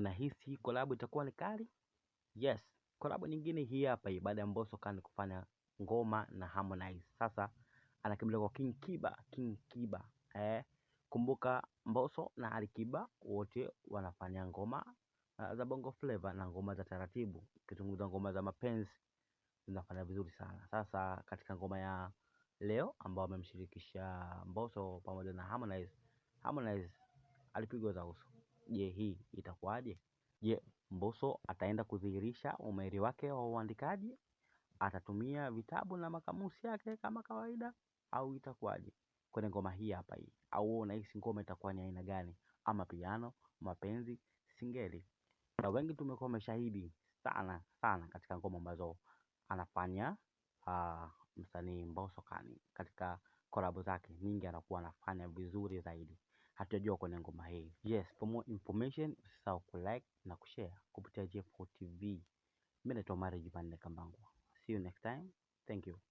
unahisi kolabu itakuwa ni kali? Yes, kolabo nyingine hii hapa hii baada ya Mbosso kani kufanya ngoma na Harmonize. Sasa anakimbilia kwa King Kiba, King Kiba. Eh, kumbuka Mbosso na Alikiba wote wanafanya ngoma uh, za Bongo Flava na ngoma za taratibu, kitunguza ngoma za mapenzi zinafanya vizuri sana. Sasa katika ngoma ya leo ambao amemshirikisha Mbosso pamoja na Harmonize, Harmonize alipigwa za uso. Je, hii itakuwaje? Je, Mbosso ataenda kudhihirisha umahiri wake wa uandikaji? Atatumia vitabu na makamusi yake kama kawaida au itakuwaje kwenye ngoma hii hapa hii? Au unahisi ngoma itakuwa ni aina gani, ama piano, mapenzi, singeli? Na wengi tumekuwa mashahidi sana sana katika ngoma ambazo anafanya uh, msanii Mbosso Kani katika kolabo zake nyingi, anakuwa anafanya vizuri zaidi hatujajua kwenye ngoma hii. Yes, for more information usisahau kulike na kushare kupitia J4 TV. Mimi naitwa Mari Jumanne Kambangwa. See you next time. Thank you.